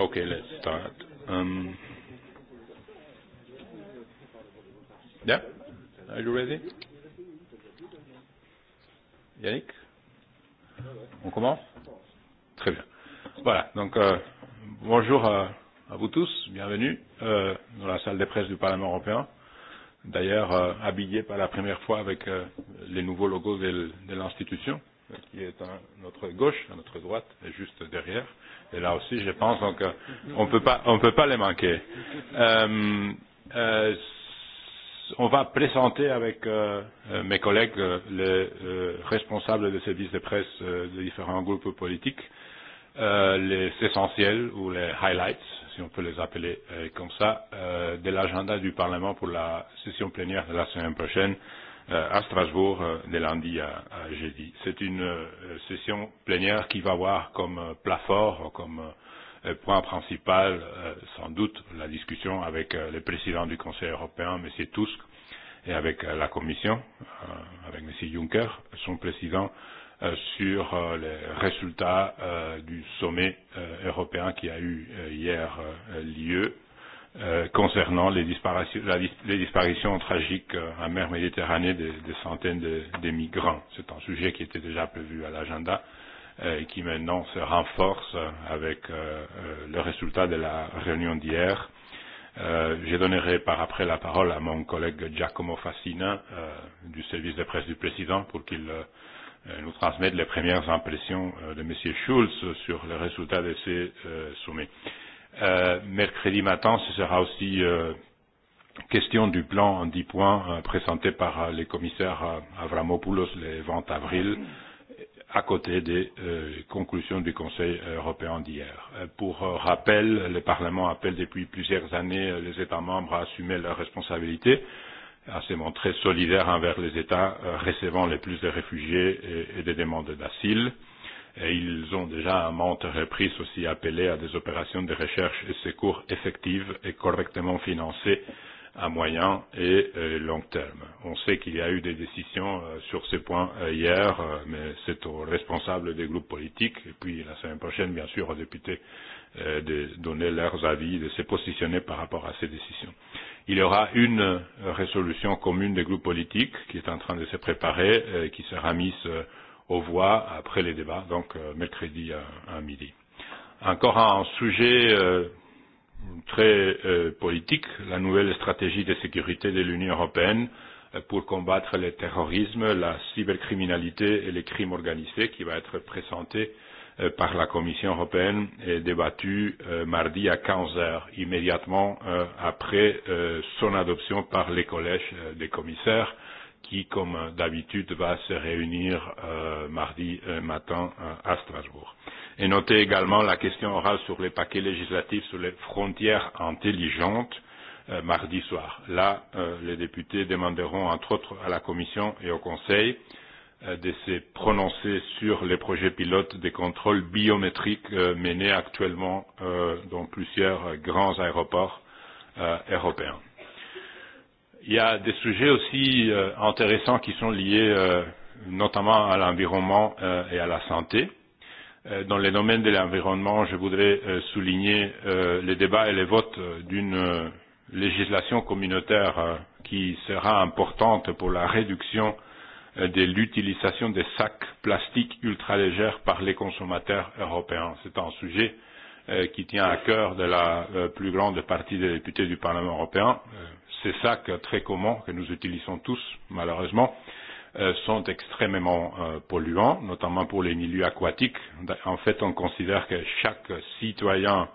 Okay, let's start. Um, yeah? Are you ready? Yannick On commence Très bien. Voilà, donc euh, bonjour à, à vous tous, bienvenue euh, dans la salle des presses du Parlement européen. D'ailleurs, euh, habillé pour la première fois avec euh, les nouveaux logos de, de l'institution. Euh, qui est à notre gauche, à notre droite, et juste derrière. Et là aussi, je pense qu'on euh, ne peut pas les manquer. Euh, euh, on va présenter avec euh, euh, mes collègues euh, les euh, responsables des services de presse euh, des différents groupes politiques euh, les essentiels ou les highlights, si on peut les appeler euh, comme ça, euh, de l'agenda du Parlement pour la session plénière de la semaine prochaine. Euh, Euh, à Strasbourg euh, de lundi à, à jeudi. C'est une euh, session plénière qui va avoir comme plat fort, comme point principal, sans doute, la discussion avec le président du Conseil européen, M. Tusk, et avec la Commission, avec M. Juncker, son président, sur les résultats du sommet européen qui a eu hier lieu euh, concernant les disparitions, la, les disparitions tragiques euh, en mer Méditerranée des, des centaines de des migrants. C'est un sujet qui était déjà prévu à l'agenda euh, et qui maintenant se renforce euh, avec euh, euh, le résultat de la réunion d'hier. Euh, je donnerai par après la parole à mon collègue Giacomo Fassina euh, du service de presse du président pour qu'il euh, euh nous transmette les premières impressions euh, de M. Schulz sur les résultats de ces euh, sommets. Euh, Euh, mercredi matin, ce sera aussi euh, question du plan en 10 points euh, présenté par euh, les commissaires euh, Avramopoulos le 20 avril, à côté des euh, conclusions du Conseil européen d'hier. Euh, pour euh, rappel, le Parlement appelle depuis plusieurs années euh, les États membres à assumer leurs responsabilités, à se montrer solidaires envers les États euh, recevant le plus de réfugiés et, et des demandes d'asile. Euh, et ils ont déjà à maintes reprises aussi appelé à des opérations de recherche et secours effectives et correctement financées à moyen et euh, long terme. On sait qu'il y a eu des décisions euh, sur ces points euh, hier, euh, mais c'est aux responsables des groupes politiques et puis la semaine prochaine, bien sûr, aux députés euh, de donner leurs avis, de se positionner par rapport à ces décisions. Il y aura une euh, résolution commune des groupes politiques qui est en train de se préparer, euh, qui sera mise euh, aux voix après les débats, donc euh, mercredi à, à midi. Encore un sujet euh, très euh, politique, la nouvelle stratégie de sécurité de l'Union européenne euh, pour combattre le terrorisme, la cybercriminalité et les crimes organisés qui va être présentée euh, par la Commission européenne et débattue euh, mardi à 15 heures, immédiatement euh, après euh, son adoption par les collèges euh, des commissaires. Euh, qui, comme d'habitude, va se réunir euh, mardi euh, matin euh, à Strasbourg. Et notez également la question orale sur les paquets législatifs sur les frontières intelligentes euh, mardi soir. Là, euh, les députés demanderont, entre autres, à la Commission et au Conseil euh, de se prononcer sur les projets pilotes des contrôles biométriques euh, menés actuellement euh, dans plusieurs euh, grands aéroports euh, européens. Il y a des sujets aussi euh, intéressants qui sont liés euh, notamment à l'environnement euh, et à la santé. Euh, dans le domaine de l'environnement, je voudrais euh, souligner euh, les débats et les votes euh, d'une euh, législation communautaire euh, qui sera importante pour la réduction euh, de l'utilisation des sacs plastiques ultralégères par les consommateurs européens. C'est un sujet euh, qui tient à cœur de la euh, plus grande partie des députés du Parlement européen. Euh, ces sacs très communs que nous utilisons tous, malheureusement, euh, sont extrêmement euh, polluants, notamment pour les milieux aquatiques. En fait, on considère que chaque citoyen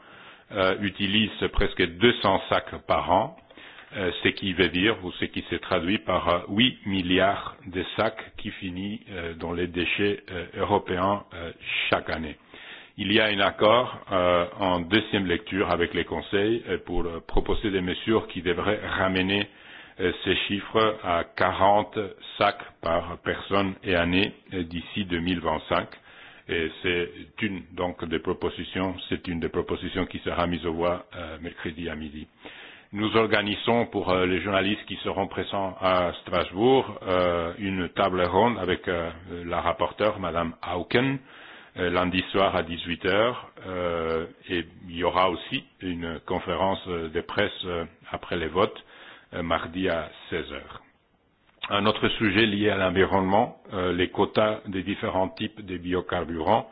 euh, utilise presque 200 sacs par an, euh, ce qui veut dire ou ce qui se traduit par euh, 8 milliards de sacs qui finissent euh, dans les déchets euh, européens euh, chaque année il y a un accord euh, en deuxième lecture avec les conseils euh, pour euh, proposer des mesures qui devraient ramener euh, ces chiffres à 40 sacs par personne et année euh, d'ici 2025. Et c'est une donc des propositions, c'est une des propositions qui sera mise aux voix euh, mercredi à midi. Nous organisons pour euh, les journalistes qui seront présents à Strasbourg euh, une table ronde avec euh, la rapporteure, Madame Hauken, euh, Euh, lundi soir à 18h euh, et il y aura aussi une conférence euh, de presse euh, après les votes euh, mardi à 16h. Un autre sujet lié à l'environnement, euh, les quotas des différents types de biocarburants.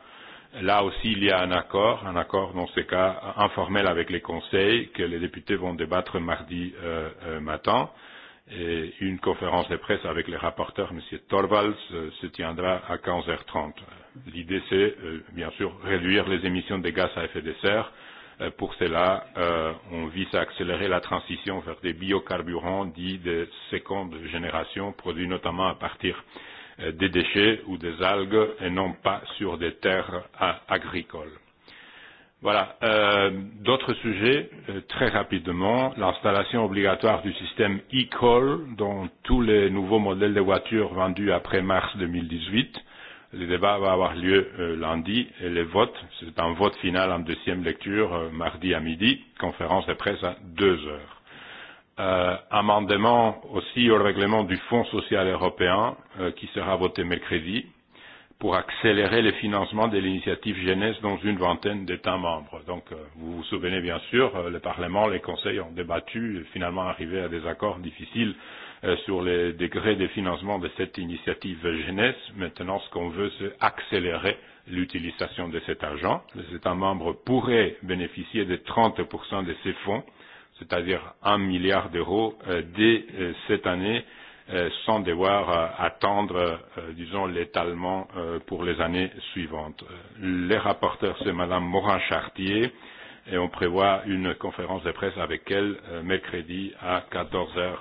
Là aussi, il y a un accord, un accord dans ce cas informel avec les conseils que les députés vont débattre mardi euh, euh, matin. Et une conférence de presse avec les rapporteurs, M. Torvalds, euh, se tiendra à 15h30. L'idée, c'est euh, bien sûr réduire les émissions des gaz à effet de serre. Euh, pour cela, euh, on vise à accélérer la transition vers des biocarburants dits de seconde génération, produits notamment à partir euh, des déchets ou des algues et non pas sur des terres à, euh, agricoles. Voilà. Euh, D'autres sujets, euh, très rapidement, l'installation obligatoire du système e-call dans tous les nouveaux modèles de voitures vendus après mars 2018. Le débat va avoir lieu euh, lundi et les votes, c'est un vote final en deuxième lecture euh, mardi à midi, conférence de presse à deux heures. Euh, amendement aussi au règlement du Fonds social européen euh, qui sera voté mercredi pour accélérer le financement de l'initiative jeunesse dans une vingtaine d'États membres. Donc euh, vous vous souvenez bien sûr, euh, le Parlement, les conseils ont débattu, et finalement arrivé à des accords difficiles euh, Euh, sur les degrés de financement de cette initiative jeunesse. Maintenant, ce qu'on veut, c'est accélérer l'utilisation de cet argent. Les États membres pourraient bénéficier de 30% de ces fonds, c'est-à-dire 1 milliard d'euros euh, dès euh, cette année, sans devoir attendre, disons, l'étalement pour les années suivantes. Les rapporteurs, c'est Madame Morin-Chartier et on prévoit une conférence de presse avec elle euh, mercredi à 14h30.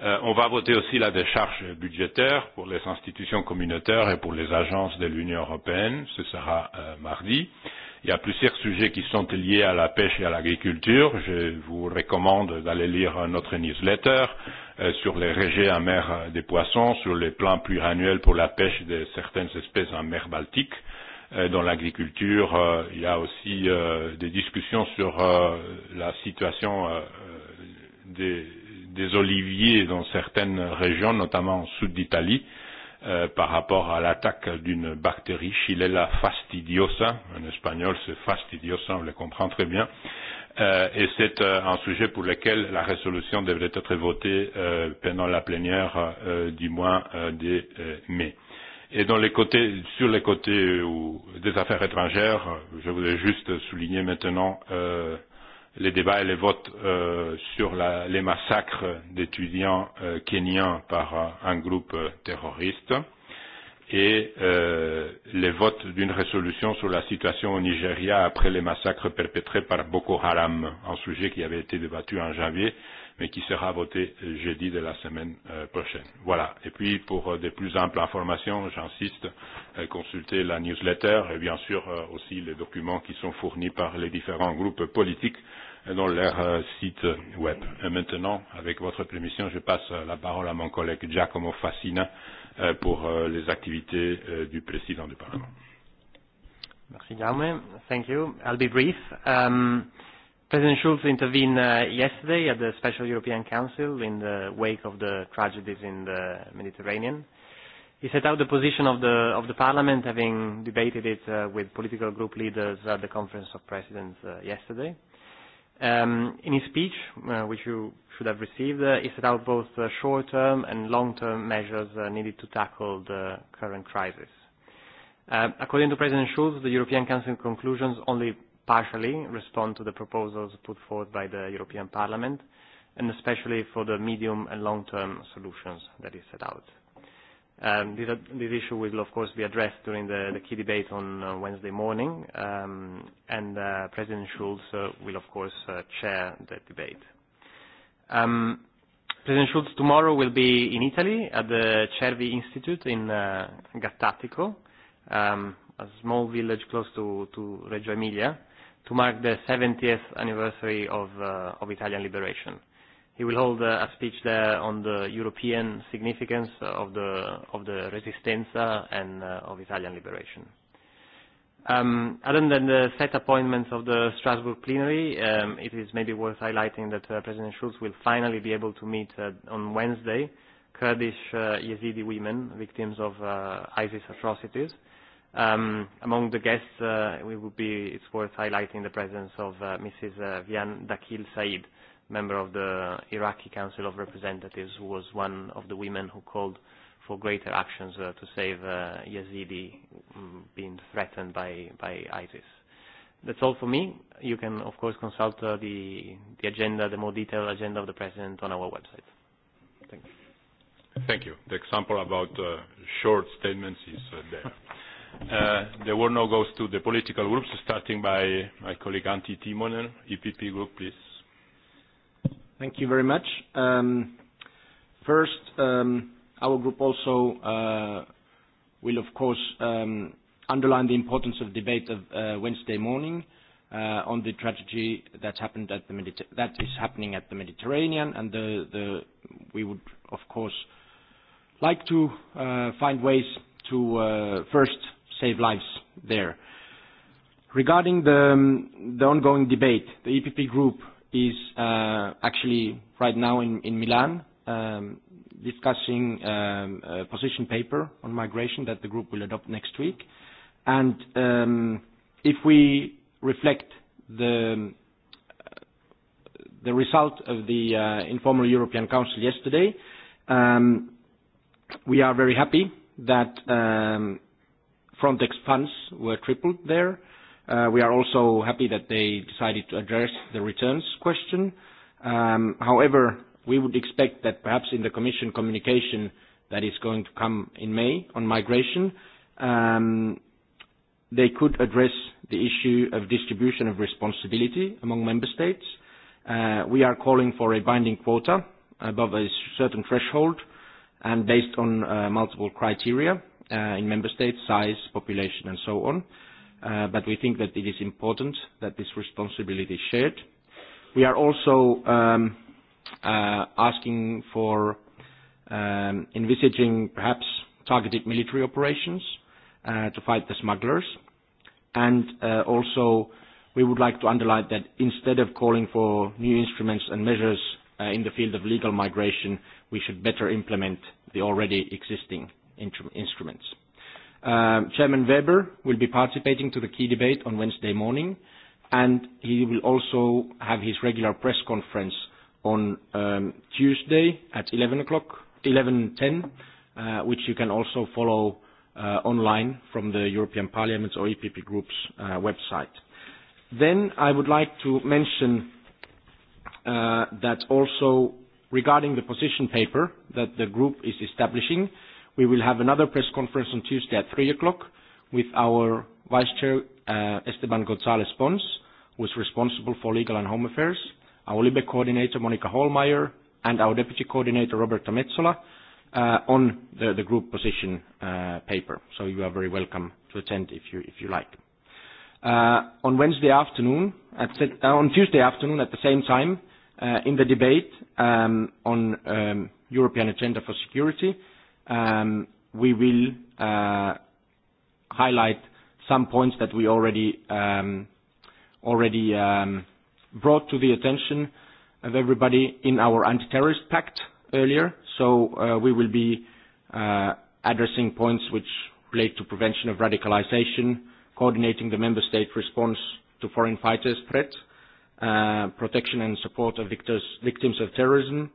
Euh, on va voter aussi la décharge budgétaire pour les institutions communautaires et pour les agences de l'Union européenne. Ce sera euh, mardi. Il y a plusieurs sujets qui sont liés à la pêche et à l'agriculture. Je vous recommande d'aller lire notre newsletter euh, sur les rejets en mer euh, des poissons, sur les plans pluriannuels pour la pêche de certaines espèces en mer Baltique. Euh, Euh, dans l'agriculture. Euh, il y a aussi euh, des discussions sur la situation des, des oliviers dans certaines régions, notamment au sud d'Italie, euh, par rapport à l'attaque d'une bactérie, Chilella fastidiosa, en espagnol c'est fastidiosa, on le comprend très bien, euh, et c'est euh, un sujet pour lequel la résolution devrait être votée euh, pendant la plénière euh, du mois euh, de euh, mai. Euh, Et dans les côtés, sur les côtés euh, où, des affaires étrangères, je voudrais juste souligner maintenant euh, les débats et les votes euh, sur la, les massacres d'étudiants euh, kenyans par un, euh, un groupe euh, terroriste et euh, les votes d'une résolution sur la situation au Nigeria après les massacres perpétrés par Boko Haram, un sujet qui avait été débattu en janvier mais qui sera voté jeudi de la semaine euh, prochaine. Voilà. Et puis, pour euh, des plus amples informations, j'insiste, euh, consultez la newsletter et bien sûr euh, aussi les documents qui sont fournis par les différents groupes politiques euh, dans leur euh, site web. Et maintenant, avec votre permission, je passe euh, la parole à mon collègue Giacomo Fassina euh, pour euh, les activités euh, du président du Parlement. Merci, Jaume. Thank you. I'll be brief. Um, President Schulz intervened uh, yesterday at the Special European Council in the wake of the tragedies in the Mediterranean. He set out the position of the, of the Parliament, having debated it uh, with political group leaders at the Conference of Presidents uh, yesterday. Um, in his speech, uh, which you should have received, uh, he set out both uh, short-term and long-term measures uh, needed to tackle the current crisis. Uh, according to President Schulz, the European Council conclusions only partially respond to the proposals put forward by the European Parliament, and especially for the medium and long-term solutions that is set out. Um, this, uh, this issue will, of course, be addressed during the, the key debate on uh, Wednesday morning, um, and uh, President Schulz uh, will, of course, uh, chair that debate. Um, President Schulz tomorrow will be in Italy at the Cervi Institute in uh, Gattatico, um, a small village close to, to Reggio Emilia, to mark the 70th anniversary of, uh, of Italian liberation. He will hold uh, a speech there on the European significance of the, of the Resistenza and uh, of Italian liberation. Um, other than the set appointments of the Strasbourg plenary, um, it is maybe worth highlighting that uh, President Schulz will finally be able to meet uh, on Wednesday Kurdish uh, Yazidi women, victims of uh, ISIS atrocities, uh, Um, among the guests, uh, we would be, it's worth highlighting the presence of uh, Mrs. Uh, Vian Dakil Said, member of the Iraqi Council of Representatives, who was one of the women who called for greater actions uh, to save uh, Yazidi um, being threatened by, by ISIS. That's all for me. You can, of course, consult uh, the, the agenda, the more detailed agenda of the President on our website. Thank you. Thank you. The example about uh, short statements is uh, there. Uh, the word now goes to the political groups, starting by my colleague Antti Timonen, EPP Group, please. Thank you very much. Um, first, um, our group also uh, will, of course, um, underline the importance of debate of uh, Wednesday morning uh, on the tragedy that, that is happening at the Mediterranean. The, the, we would, of course, like to uh, find ways to uh, first save lives there. Regarding the, um, the ongoing debate, the EPP group is uh, actually right now in, in Milan um, discussing um, a position paper on migration that the group will adopt next week. And um, if we reflect the, the result of the uh, informal European Council yesterday, um, we are very happy that um, Frontex funds were tripled there. Uh, we are also happy that they decided to address the returns question. Um, however, we would expect that perhaps in the Commission communication that is going to come in May on migration, um, they could address the issue of distribution of responsibility among member states. Uh, we are calling for a binding quota above a certain threshold and based on uh, multiple criteria uh, in member states, size, population, and so on. Uh, but we think that it is important that this responsibility is shared. We are also um, uh, asking for um, envisaging perhaps targeted military operations uh, to fight the smugglers. And uh, also, we would like to underline that instead of calling for new instruments and measures uh, in the field of legal migration, we should better implement the already existing instruments. Um, Chairman Weber will be participating to the key debate on Wednesday morning, and he will also have his regular press conference on um, Tuesday at 11 o'clock, 11.10, uh, which you can also follow uh, online from the European Parliament's or EPP Group's uh, website. Then I would like to mention uh, that also regarding the position paper that the group is establishing, uh, We will have another press conference on Tuesday at 3 o'clock with our Vice Chair, uh, Esteban González Pons, who is responsible for legal and home affairs, our LIBE coordinator, Monica Hohlmeier, and our deputy coordinator, Roberta Metsola, uh, on the, the group position uh, paper. So you are very welcome to attend if you, if you like. Uh, on Wednesday afternoon, at, uh, on Tuesday afternoon at the same time, uh, in the debate um, on um, European Agenda for Security, um, we will uh, highlight some points that we already um, already um, brought to the attention of everybody in our anti-terrorist pact earlier. So uh, we will be uh, addressing points which relate to prevention of radicalization, coordinating the member state response to foreign fighters threat, uh, protection and support of victors, victims of terrorism,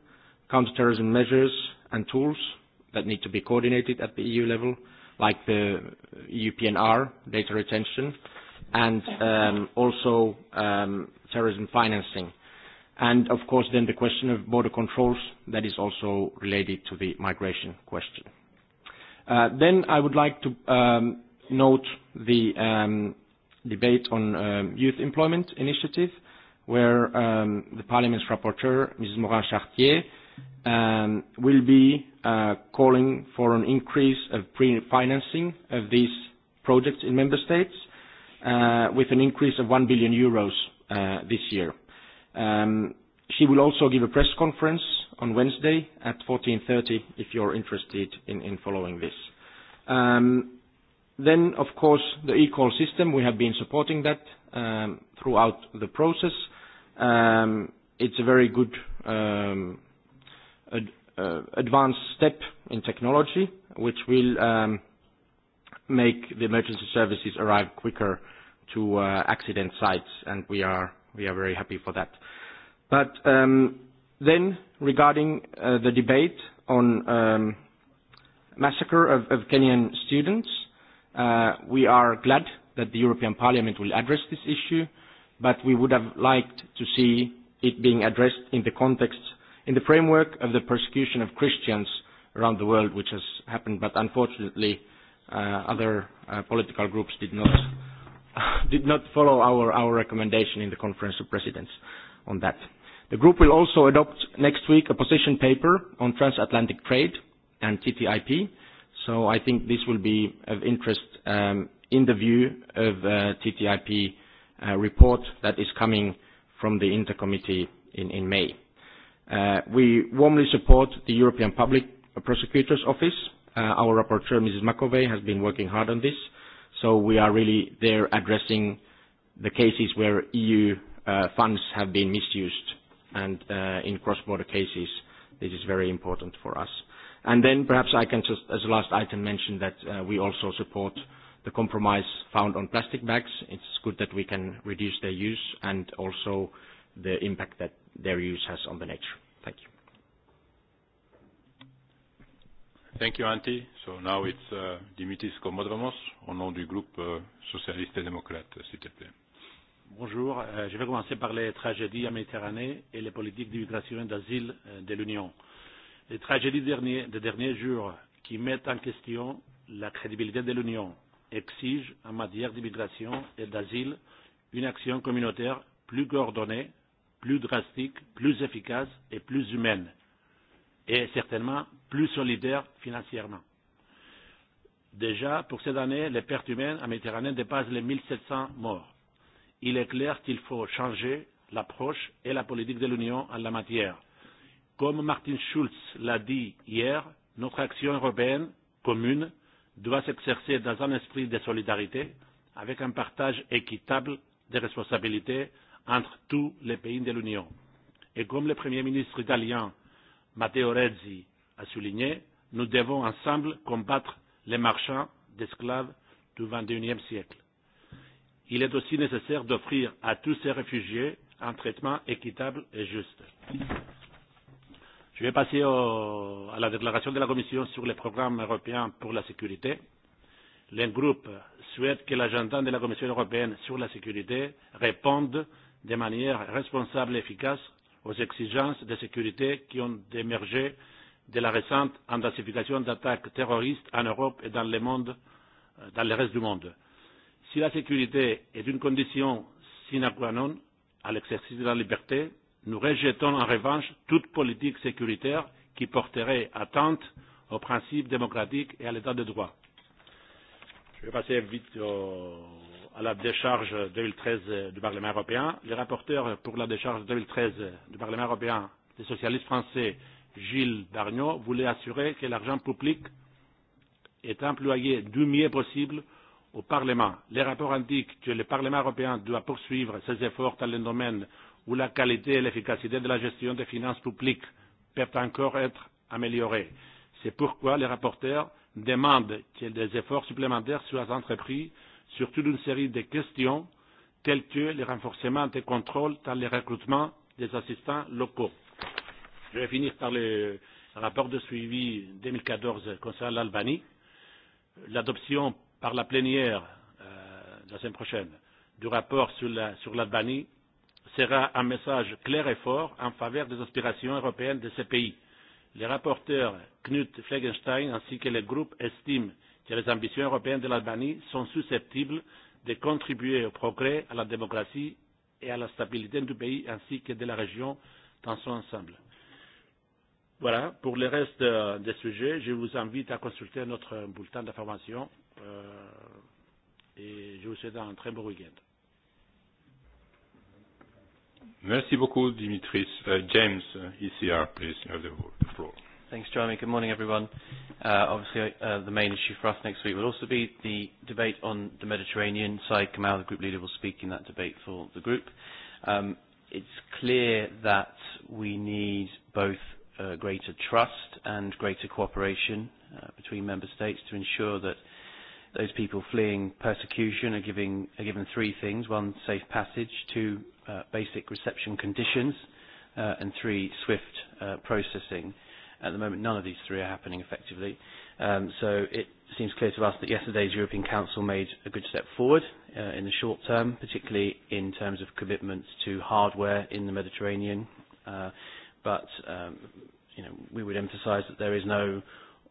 counterterrorism measures and tools, that need to be coordinated at the EU level, like the UPNR data retention, and um, also um, terrorism financing. And of course, then the question of border controls that is also related to the migration question. Uh, then I would like to um, note the um, debate on um, youth employment initiative, where um, the Parliament's rapporteur, Ms. Morin-Chartier, um, will be uh, calling for an increase of pre-financing of these projects in member states, uh, with an increase of 1 billion euros uh, this year. Um, she will also give a press conference on Wednesday at 14:30 if you're interested in, in following this. Um, then, of course, the eCall system, we have been supporting that um, throughout the process. Um, it's a very good um, ad, uh, advanced step in technology, which will um, make the emergency services arrive quicker to uh, accident sites, and we are, we are very happy for that. But um, then regarding uh, the debate on um, massacre of, of Kenyan students, uh, we are glad that the European Parliament will address this issue, but we would have liked to see it being addressed in the context In the framework of the persecution of Christians around the world, which has happened, but unfortunately uh, other uh, political groups did not, did not follow our, our recommendation in the Conference of Presidents on that. The group will also adopt next week a position paper on transatlantic trade and TTIP, so I think this will be of interest um, in the view of uh, TTIP uh, report that is coming from the Intercommittee in, in May. Uh, we warmly support the European Public Prosecutor's Office. Uh, our rapporteur, Mrs. McAvey, has been working hard on this, so we are really there addressing the cases where EU uh, funds have been misused, and uh, in cross-border cases, this is very important for us. And then perhaps I can just, as a last item, mention that uh, we also support the compromise found on plastic bags. It's good that we can reduce their use and also the impact that their use has on the nature. Thank you. Thank you, Antti. So now it's uh, Dimitris Komodovamos, au nom du groupe euh, socialiste et démocrate, s'il te plaît. Bonjour. Euh, je vais commencer par les tragédies en Méditerranée et les politiques d'immigration et d'asile euh, de l'Union. Les tragédies derniers, des derniers jours qui mettent en question la crédibilité de l'Union exigent en matière d'immigration et d'asile une action communautaire plus coordonnée plus drastique, plus efficace et plus humaine, et certainement plus solidaire financièrement. Déjà, pour cette année, les pertes humaines en Méditerranée dépassent les 1700 morts. Il est clair qu'il faut changer l'approche et la politique de l'Union en la matière. Comme Martin Schulz l'a dit hier, notre action européenne commune doit s'exercer dans un esprit de solidarité, avec un partage équitable des responsabilités entre tous les pays de l'Union. Et comme le Premier ministre italien Matteo Renzi a souligné, nous devons ensemble combattre les marchands d'esclaves du XXIe siècle. Il est aussi nécessaire d'offrir à tous ces réfugiés un traitement équitable et juste. Je vais passer au, à la déclaration de la Commission sur les programmes européens pour la sécurité. Le groupe souhaite que l'agenda de la Commission européenne sur la sécurité réponde de manière responsable et efficace aux exigences de sécurité qui ont émergé de la récente intensification d'attaques terroristes en Europe et dans le, monde, euh, dans le reste du monde. Si la sécurité est une condition sine qua non à l'exercice de la liberté, nous rejetons en revanche toute politique sécuritaire qui porterait atteinte aux principes démocratiques et à l'état de droit. Je vais passer vite au à la décharge 2013 du Parlement européen. Le rapporteur pour la décharge 2013 du Parlement européen des socialistes français, Gilles Darnaud, voulait assurer que l'argent public est employé du mieux possible au Parlement. Le rapport indique que le Parlement européen doit poursuivre ses efforts dans le domaine où la qualité et l'efficacité de la gestion des finances publiques peuvent encore être améliorées. C'est pourquoi le rapporteur demande que des efforts supplémentaires soient entrepris euh, sur toute une série de questions telles que le renforcement des contrôles dans le recrutement des assistants locaux. Je vais finir par le rapport de suivi 2014 concernant l'Albanie. L'adoption par la plénière euh, la semaine prochaine du rapport sur l'Albanie la, sur sera un message clair et fort en faveur des aspirations européennes de ce pays. Les rapporteurs Knut Fleckenstein ainsi que le groupe estiment que les ambitions européennes de l'Albanie sont susceptibles de contribuer au progrès, à la démocratie et à la stabilité du pays ainsi que de la région dans son ensemble. Voilà, pour le reste euh, des sujets, je vous invite à consulter notre bulletin d'information euh, et je vous souhaite un très beau week-end. Merci beaucoup, Dimitris. Uh, James, uh, ECR, please, you have the floor. Thanks, Jeremy. Good morning, everyone. Uh, obviously, uh, the main issue for us next week will also be the debate on the Mediterranean side. Kamal, the group leader, will speak in that debate for the group. Um, it's clear that we need both uh, greater trust and greater cooperation uh, between member states to ensure that those people fleeing persecution are, giving, are given three things. One, safe passage. Two, uh, basic reception conditions. Uh, and three, swift uh, processing. At the moment, none of these three are happening effectively. Um, so it seems clear to us that yesterday's European Council made a good step forward uh, in the short term, particularly in terms of commitments to hardware in the Mediterranean. Uh, but um, you know, we would emphasise that there is no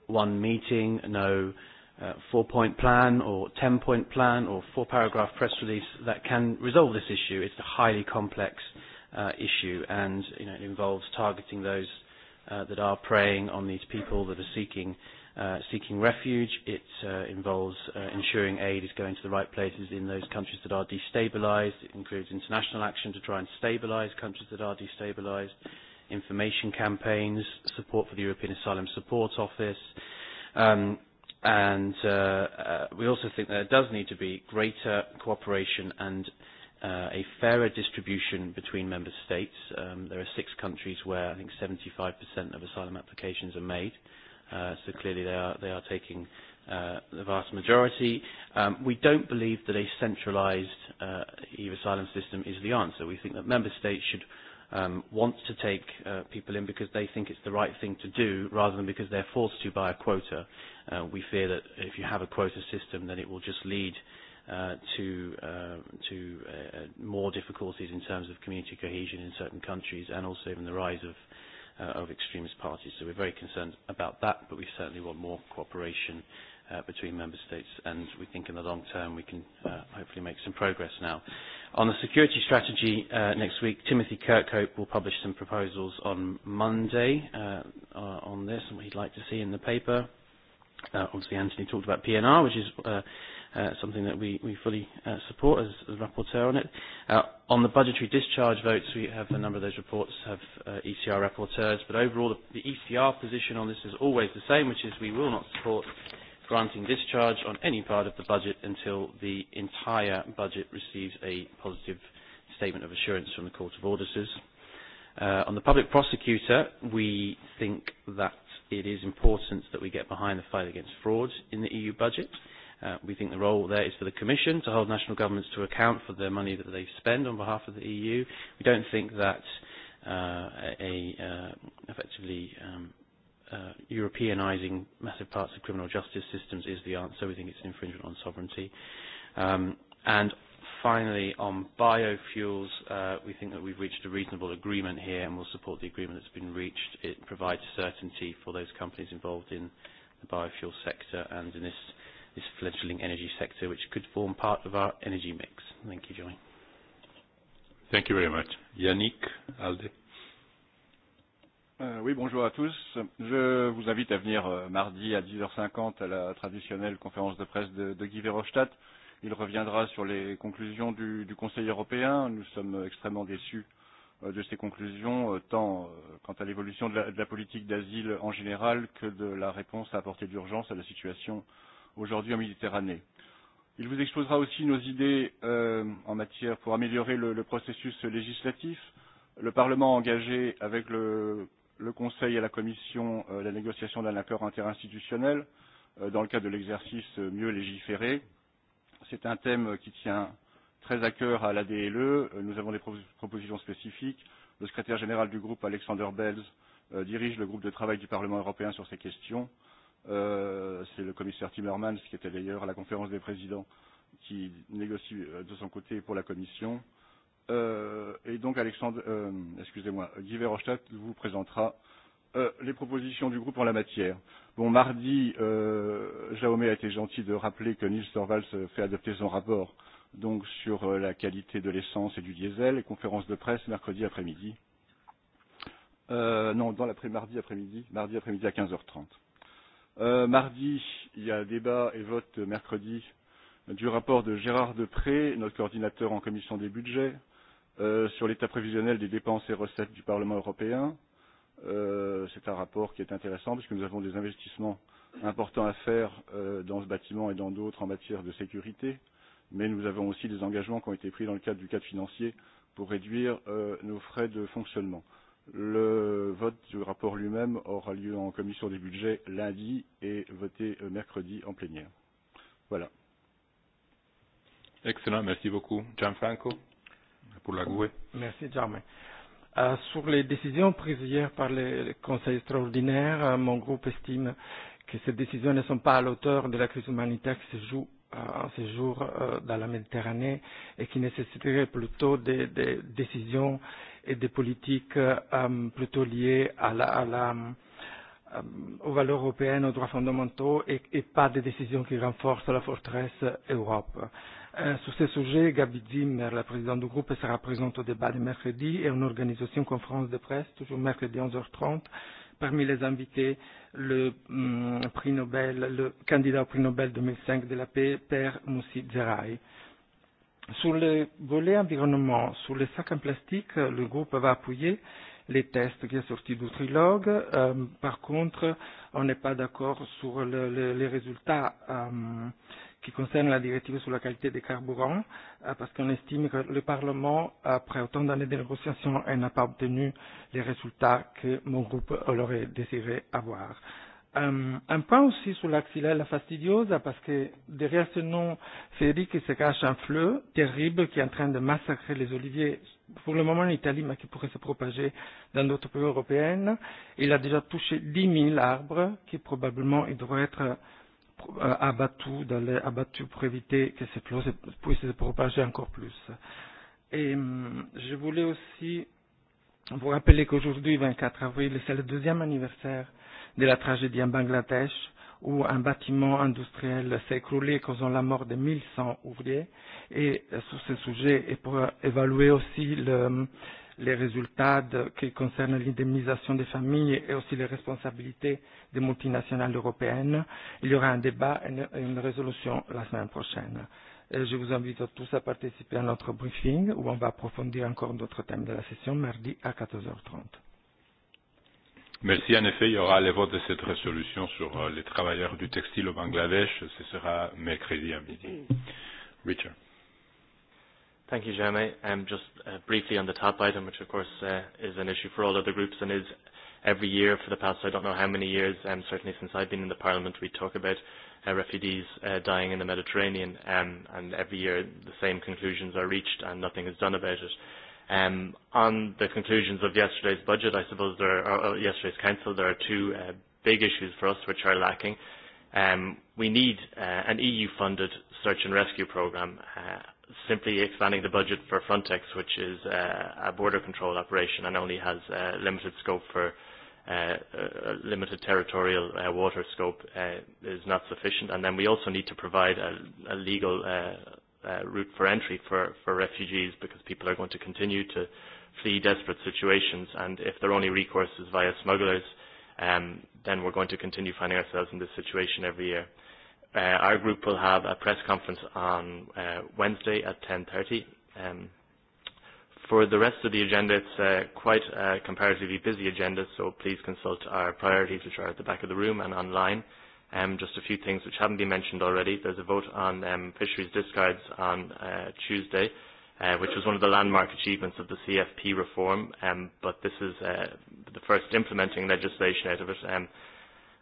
one meeting, no uh, four-point plan or ten-point plan or four-paragraph press release that can resolve this issue. It's a highly complex uh, issue, and you know, it involves targeting those uh, uh, that are preying on these people that are seeking uh, seeking refuge. It uh, involves uh, ensuring aid is going to the right places in those countries that are destabilized. It includes international action to try and stabilize countries that are destabilized, information campaigns, support for the European Asylum Support Office. Um, and uh, uh, we also think that there does need to be greater cooperation and uh, uh, a fairer distribution between member states. Um, there are six countries where I think 75% of asylum applications are made, uh, so clearly they are, they are taking uh, the vast majority. Um, we don't believe that a centralised uh, EU asylum system is the answer. We think that member states should um, want to take uh, people in because they think it's the right thing to do rather than because they're forced to by a quota. Uh, we fear that if you have a quota system, then it will just lead uh, uh, to uh, to uh, more difficulties in terms of community cohesion in certain countries and also even the rise of uh, of extremist parties. So we're very concerned about that, but we certainly want more cooperation uh, between member states, and we think in the long term we can uh, hopefully make some progress now. On the security strategy uh, next week, Timothy Kirkhope will publish some proposals on Monday uh, uh on this and what he'd like to see in the paper. Uh, obviously, Anthony talked about PNR, which is uh, uh, something that we, we fully uh, support as, as rapporteur on it. Uh, on the budgetary discharge votes, we have a number of those reports have uh, ECR rapporteurs, but overall the, the ECR position on this is always the same, which is we will not support granting discharge on any part of the budget until the entire budget receives a positive statement of assurance from the Court of Auditors. Uh, on the public prosecutor, we think that it is important that we get behind the fight against fraud in the EU budget. Uh, Uh, we think the role there is for the Commission to hold national governments to account for the money that they spend on behalf of the EU. We don't think that uh, a uh, effectively um, uh, Europeanizing massive parts of criminal justice systems is the answer. We think it's an infringement on sovereignty. Um, and finally, on biofuels, uh, we think that we've reached a reasonable agreement here and will support the agreement that's been reached. It provides certainty for those companies involved in the biofuel sector and in this this fledgling energy sector, which could form part of our energy mix. Thank you, Johnny. Thank you very much. Yannick Alde. Euh, oui, bonjour à tous. Je vous invite à venir euh, mardi à 10h50 à la traditionnelle conférence de presse de, de Guy Verhofstadt. Il reviendra sur les conclusions du, du Conseil européen. Nous sommes extrêmement déçus euh, de ces conclusions, euh, tant euh, quant à l'évolution de, la, de la politique d'asile en général que de la réponse à apporter d'urgence à la situation euh, aujourd'hui en Méditerranée. Il vous exposera aussi nos idées euh, en matière pour améliorer le, le processus législatif. Le Parlement a engagé avec le, le Conseil et la Commission euh, la négociation d'un accord interinstitutionnel euh, dans le cadre de l'exercice euh, mieux légiféré. C'est un thème qui tient très à cœur à la DLE. Euh, nous avons des pro propositions spécifiques. Le secrétaire général du groupe, Alexander Belz, euh, dirige le groupe de travail du Parlement européen sur ces questions. Euh, Euh, C'est le commissaire Timmermans, qui était d'ailleurs à la conférence des présidents, qui négocie euh, de son côté pour la Commission. Euh, et donc, Alexandre, euh, excusez-moi, Guy Verhofstadt vous présentera euh, les propositions du groupe en la matière. Bon, mardi, euh, Jaume a été gentil de rappeler que Nils Torvalds fait adopter son rapport donc sur euh, la qualité de l'essence et du diesel, et conférence de presse mercredi après-midi. Euh, non, dans l'après-mardi après-midi, mardi après-midi après à 15h30. Euh, mardi, il y a débat et vote mercredi du rapport de Gérard Depré, notre coordinateur en commission des budgets, euh, sur l'état prévisionnel des dépenses et recettes du Parlement européen. Euh, C'est un rapport qui est intéressant puisque nous avons des investissements importants à faire euh, dans ce bâtiment et dans d'autres en matière de sécurité, mais nous avons aussi des engagements qui ont été pris dans le cadre du cadre financier pour réduire euh, nos frais de fonctionnement. Euh, Le vote du rapport lui-même aura lieu en commission des budgets lundi et voté euh, mercredi en plénière. Voilà. Excellent, merci beaucoup. Gianfranco, pour la GUE. Merci, Germain. Euh, sur les décisions prises hier par le Conseil extraordinaire, euh, mon groupe estime que ces décisions ne sont pas à l'auteur de la crise humanitaire qui se joue euh, en ce jour euh, dans la Méditerranée et qui nécessiterait plutôt des, des décisions euh, et des politiques euh, plutôt liées à la, à la, euh, aux valeurs européennes, aux droits fondamentaux et, et pas des décisions qui renforcent la forteresse Europe. Euh, sur ce sujet, Gabi Zimmer, la présidente du groupe, sera présente au débat de mercredi et on organise aussi une conférence de presse, toujours mercredi 11h30. Parmi les invités, le mm, prix Nobel, le candidat au prix Nobel 2005 de la paix, Père Moussi Zeraï. Euh, Sur le volet environnement, sur les sacs en plastique, le groupe va appuyer les tests qui sont sortis du trilogue. Euh, par contre, on n'est pas d'accord sur le, le, les résultats euh, qui concernent la directive sur la qualité des carburants, euh, parce qu'on estime que le Parlement, après autant d'années de négociations, n'a pas obtenu les résultats que mon groupe aurait désiré avoir. Euh, un, euh, un point aussi sur l'axilla fastidiosa, parce que derrière ce nom féerique il se cache un fleuve terrible qui est en train de massacrer les oliviers, pour le moment en Italie, mais qui pourrait se propager dans d'autres pays européens. Il a déjà touché 10 000 arbres qui probablement ils devraient être euh, abattus, dans les, abattus pour éviter que ce fleuve puisse se propager encore plus. Et hum, je voulais aussi vous rappeler qu'aujourd'hui, 24 avril, c'est le deuxième anniversaire euh, de la tragédie en Bangladesh, où un bâtiment industriel s'est écroulé causant la mort de 1100 ouvriers. Et euh, sur ce sujet, et pour euh, évaluer aussi le, les résultats de, qui concernent l'indemnisation des familles et aussi les responsabilités des multinationales européennes, il y aura un débat et une, une résolution la semaine prochaine. Et euh, je vous invite à tous à participer à notre briefing où on va approfondir encore d'autres thèmes de la session mardi à 14h30. Merci. En effet, il y aura le vote de cette résolution sur euh, les travailleurs du textile au Bangladesh. Ce sera mercredi à midi. Richard. Thank you, Jeremy. Um, just uh, briefly on the top item, which of course uh, is an issue for all other groups and is every year for the past I don't know how many years, um, certainly since I've been in the Parliament, we talk about uh, refugees uh, dying in the Mediterranean um, and every year the same conclusions are reached and nothing is done about it. Um, on the conclusions of yesterday's budget, I suppose there are, or uh, yesterday's council, there are two uh, big issues for us which are lacking. Um, we need uh, an EU-funded search and rescue programme, uh, simply expanding the budget for Frontex, which is uh, a border control operation and only has uh, limited scope for uh, uh, uh limited territorial uh, water scope uh, is not sufficient. And then we also need to provide a, a legal uh, uh, route for entry for, for refugees because people are going to continue to flee desperate situations and if their only recourse is via smugglers, um, then we're going to continue finding ourselves in this situation every year. Uh, our group will have a press conference on uh, Wednesday at 10.30. Um, for the rest of the agenda, it's uh, quite a comparatively busy agenda, so please consult our priorities, which are at the back of the room and online. Uh, Um, just a few things which haven't been mentioned already. There's a vote on um, fisheries discards on uh, Tuesday, uh, which was one of the landmark achievements of the CFP reform, um, but this is uh, the first implementing legislation out of it. Um,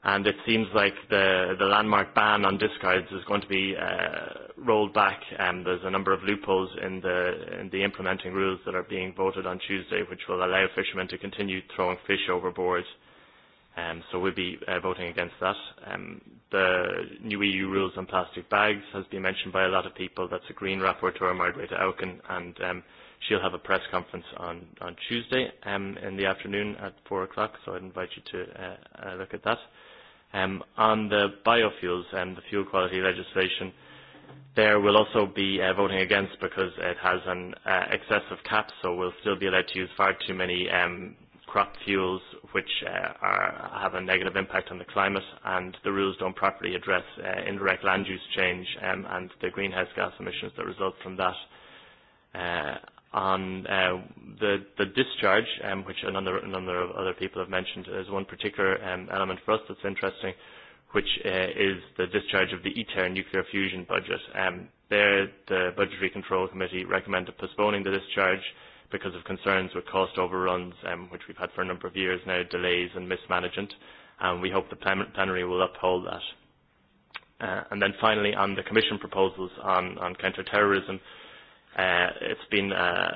and it seems like the, the landmark ban on discards is going to be uh, rolled back. Um, there's a number of loopholes in the, in the implementing rules that are being voted on Tuesday, which will allow fishermen to continue throwing fish overboard uh, Um, so we'll be uh, voting against that. Um, the new EU rules on plastic bags has been mentioned by a lot of people. That's a Green rapporteur, Margareta Auken, and um, she'll have a press conference on, on Tuesday um, in the afternoon at 4 o'clock, so I'd invite you to uh, uh, look at that. Um, on the biofuels and the fuel quality legislation, there will also be uh, voting against because it has an uh, excessive cap, so we'll still be allowed to use far too many um, crop fuels which uh, are, have a negative impact on the climate and the rules don't properly address uh, indirect land use change um, and the greenhouse gas emissions that result from that. Uh, on uh, the, the discharge, um, which a number, a number of other people have mentioned, is one particular um, element for us that's interesting, which uh, is the discharge of the ITER e nuclear fusion budget. Um, there, the Budgetary Control Committee recommended postponing the discharge uh, because of concerns with cost overruns, um, which we've had for a number of years now, delays and mismanagement. And we hope the plenary will uphold that. Uh, and then finally, on the Commission proposals on, on counter-terrorism, uh, it's been uh,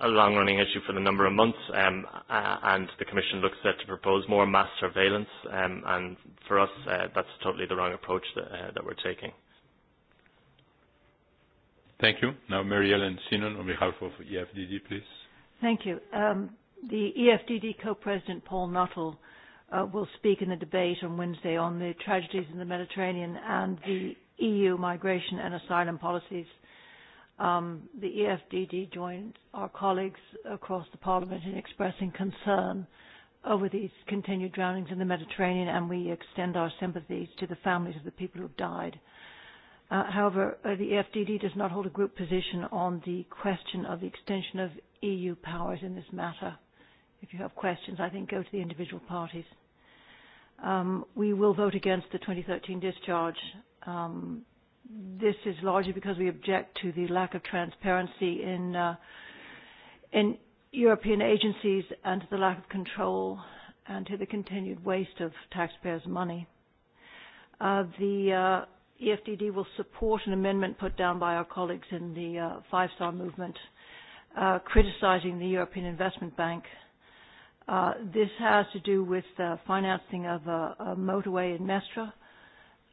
a long-running issue for the number of months, um, uh, and the Commission looks set to propose more mass surveillance, um, and for us, uh, that's totally the wrong approach that, uh, that we're taking. Uh, Thank you. Now, Mary Ellen Sinon on behalf of EFDD, please. Thank you. Um, the EFDD co-president, Paul Nuttall, uh, will speak in the debate on Wednesday on the tragedies in the Mediterranean and the EU migration and asylum policies. Um, the EFDD joins our colleagues across the Parliament in expressing concern over these continued drownings in the Mediterranean, and we extend our sympathies to the families of the people who have died. Uh, Uh, however, uh, the e FDD does not hold a group position on the question of the extension of EU powers in this matter. If you have questions, I think go to the individual parties. Um, we will vote against the 2013 discharge. Um, this is largely because we object to the lack of transparency in uh, in European agencies and to the lack of control and to the continued waste of taxpayers' money. Uh, the uh, EFDD will support an amendment put down by our colleagues in the uh, Five Star Movement uh, criticizing the European Investment Bank. Uh, this has to do with uh, financing of a, a motorway in Mestra,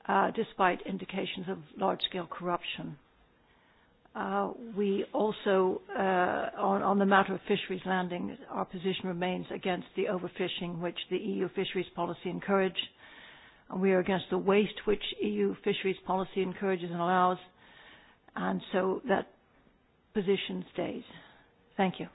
uh, despite indications of large-scale corruption. Uh, we also, uh, on, on the matter of fisheries landing, our position remains against the overfishing which the EU fisheries policy encouraged and we are against the waste which EU fisheries policy encourages and allows, and so that position stays. Thank you.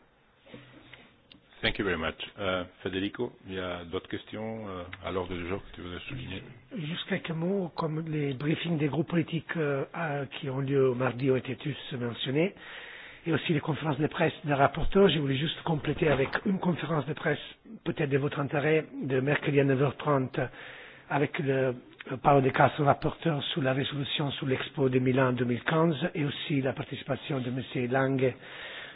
Thank you very much. Uh, Federico, il y a d'autres questions euh, à l'ordre du jour que tu voudrais souligner Juste quelques mots, comme les briefings des groupes politiques euh, à, qui ont lieu au mardi ont été tous mentionnés, et aussi les conférences de presse des rapporteurs. Je voulais juste compléter avec une conférence de presse, peut-être de votre intérêt, de mercredi à 9h30 avec le, par de Castro, rapporteur sur la résolution sur l'Expo de Milan 2015 et aussi la participation de M. Lange,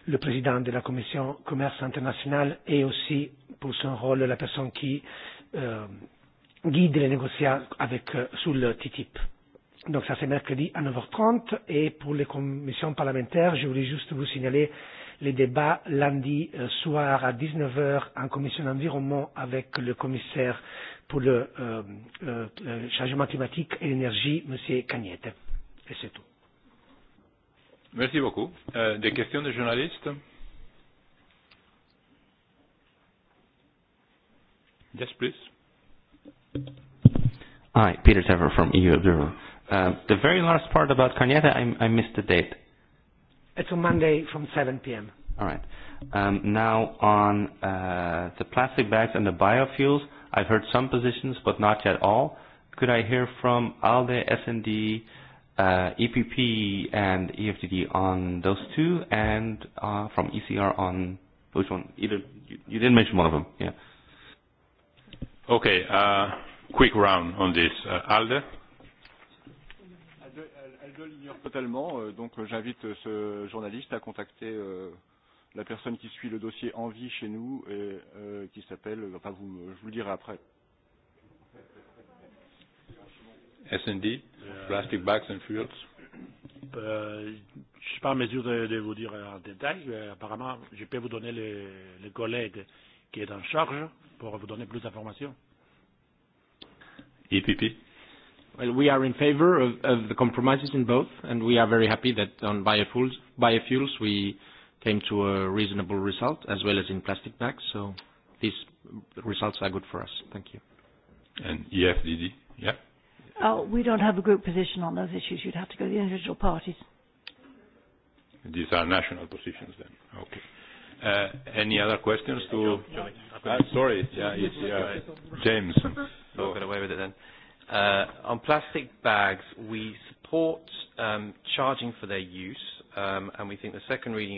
le président de la Commission commerce international et aussi pour son rôle la personne qui euh, guide les négociations avec, euh, sur le TTIP. Donc ça c'est mercredi à 9h30 et pour les commissions parlementaires, je voulais juste vous signaler les débats lundi euh, soir à 19h en commission environnement avec le commissaire pour le euh, euh, changement climatique et l'énergie, M. Cagnette. Et c'est tout. Merci beaucoup. Euh, des questions de journalistes Yes, please. Hi, Peter Tever from EU Observer. Uh, the very last part about Cañete, I, I missed the date. It's on Monday from 7 p.m. All right. Um, now on uh, the plastic bags and the biofuels, I've heard some positions, but not yet all. Could I hear from ALDE, S&D, uh, EPP, and EFTD on those two, and uh, from ECR on which one? Either you, you didn't mention one of them. Yeah. Okay. Uh, quick round on this. Uh, ALDE totalement. Donc j'invite ce journaliste à contacter euh, la personne qui suit le dossier en vie chez nous, et, euh, qui s'appelle, enfin vous, je vous le dirai après. S&D, Plastic Bags and Fuels. Euh, je ne suis pas en mesure de, de vous dire en détail. Euh, apparemment, je peux vous donner le, le collègue qui est en charge pour vous donner plus d'informations. EPP. Well, we are in favor of, of the compromises in both, and we are very happy that on biofuels, biofuels we uh, came to a reasonable result, as well as in plastic bags. So these results are good for us. Thank you. And EFDD? Yeah. Oh, we don't have a group position on those issues. You'd have to go to the individual parties. These are national positions then. Okay. Uh, any other questions to... Ah, sorry. Yeah, it's uh, James. So I'll get away with it then. Uh, on plastic bags, we support um, charging for their use, um, and we think the second reading